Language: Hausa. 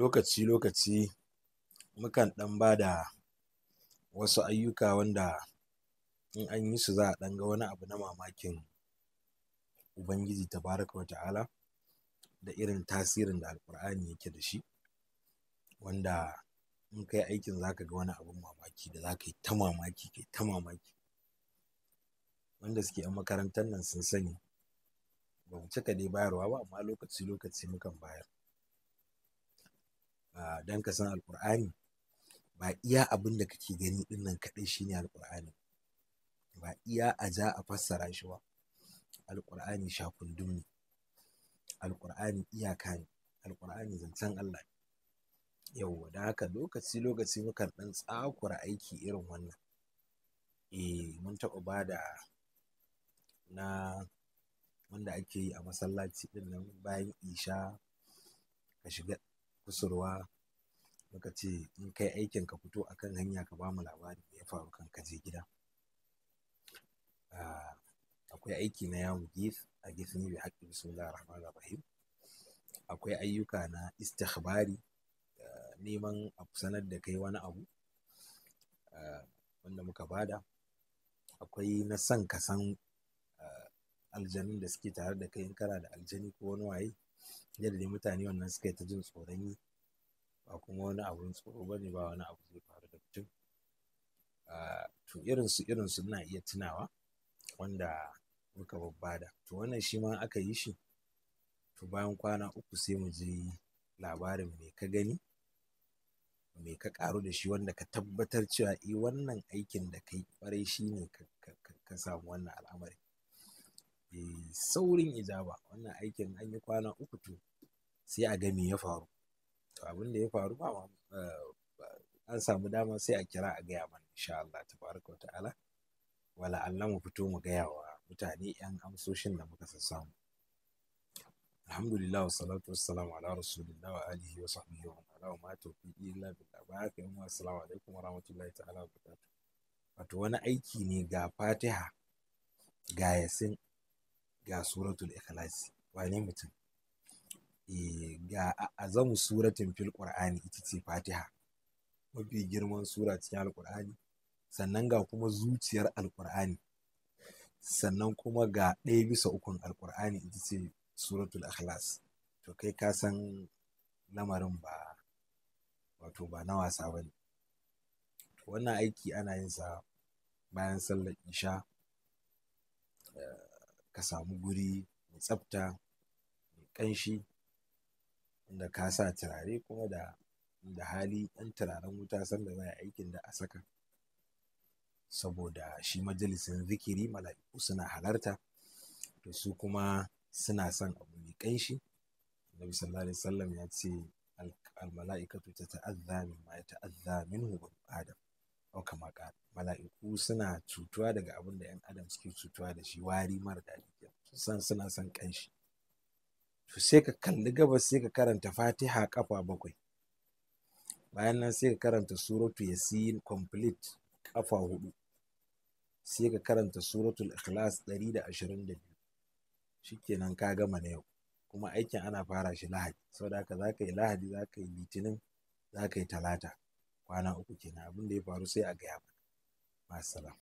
lokaci-lokaci mukan ɗan ba da wasu ayyuka wanda in an yi su za a ɗan ga wani abu na mamakin Ubangiji tabaraka wa ta'ala da irin tasirin da Alƙur'ani yake da shi wanda in kai aikin za ka ga wani abin mamaki da za ka yi ta mamaki kai ta mamaki wanda suke yan makarantar nan sun sani ba mu cika dai bayarwa ba amma lokaci-lokaci mukan bayar don ka san alkur'ani ba iya abin da kake gani din nan kaɗai shine alkur'ani ba iya a ja a fassara shi ba alkur'ani shakundum ne alkur'ani iyaka ne alkur'ani zancen Allah ne yauwa da haka lokaci lokaci mukan ɗan tsakura aiki irin wannan eh mun taɓa ba na wanda ake yi a masallaci din nan bayan isha ka shiga kusurwa muka ce in kai aikin ka fito a kan hanya ka bamu labari ya faru kan ka je gida akwai aiki na yawon gif a gifin bi haƙƙi bismillah rahman rahim akwai ayyuka na istihbari neman a sanar da kai wani abu wanda muka bada akwai na san kasan san aljanun da suke tare da kai in kana da aljani ko wani waye yadda dai mutane wannan suka yi ta jin tsorani, ba kuma wani abun tsoro ba ne ba wani abu zai faru da mutum ah, to irin su irin su na iya tunawa wanda muka babbada to wannan shi ma aka yi shi to bayan kwana uku sai mu ji labarin me ka gani me ka karu da shi wanda ka tabbatar cewa i eh, wannan aikin da kai kwarai shi ne ka samu wannan al'amari saurin ijaba wannan aikin an yi kwana uku to sai a gami ya faru to abin da ya faru ba eh, an samu dama sai a kira a gaya mana insha Allah tabaraka wa ta'ala wala Allah mu fito mu gaya wa mutane yan amsoshin da muka samu alhamdulillah wa salatu wassalamu ala rasulillah wa alihi wa sahbihi wa ala wa ma tawfiqi illa billah ba haka yan assalamu alaikum wa rahmatullahi ta'ala wa barakatuh wato wani aiki ne ga Fatiha ga Yasin ga suratul ikhlasi wane mutum eh, ga azamu suratin fil qur'ani ita ce fatiha mafi girman sura cikin alqur'ani sannan ga kuma zuciyar alqur'ani sannan kuma ga ɗaya bisa ukun alqur'ani ita ce suratul ikhlas to kai ka san lamarin ba wato ba na wasa bane ne wannan aiki ana yin sa bayan sallar isha ka samu guri mai tsafta mai ƙanshi inda ka sa turare kuma da da hali ɗan turaren wuta sanda za a yi aikin da a saka saboda shi majalisin zikiri mala'iku suna halarta to su kuma suna son abu mai ƙanshi Nabi sallallahu alaihi ya ce al mala'ikatu ta ta'azza ma ya ta'azza minhu adam ɗaukan maka mala'iku suna cutuwa daga abin da 'yan adam suke cutuwa da shi wari mara daɗi san suna son ƙanshi to sai ka kalli gabas sai ka karanta fatiha kafa bakwai bayan nan sai ka karanta suratu yasin complete kafa hudu sai ka karanta suratul ikhlas 122 shikenan ka gama na yau kuma aikin ana fara shi lahadi saboda haka za ka yi lahadi za ka yi litinin za ka yi talata kwana uku kenan abin da ya faru sai a gaya mana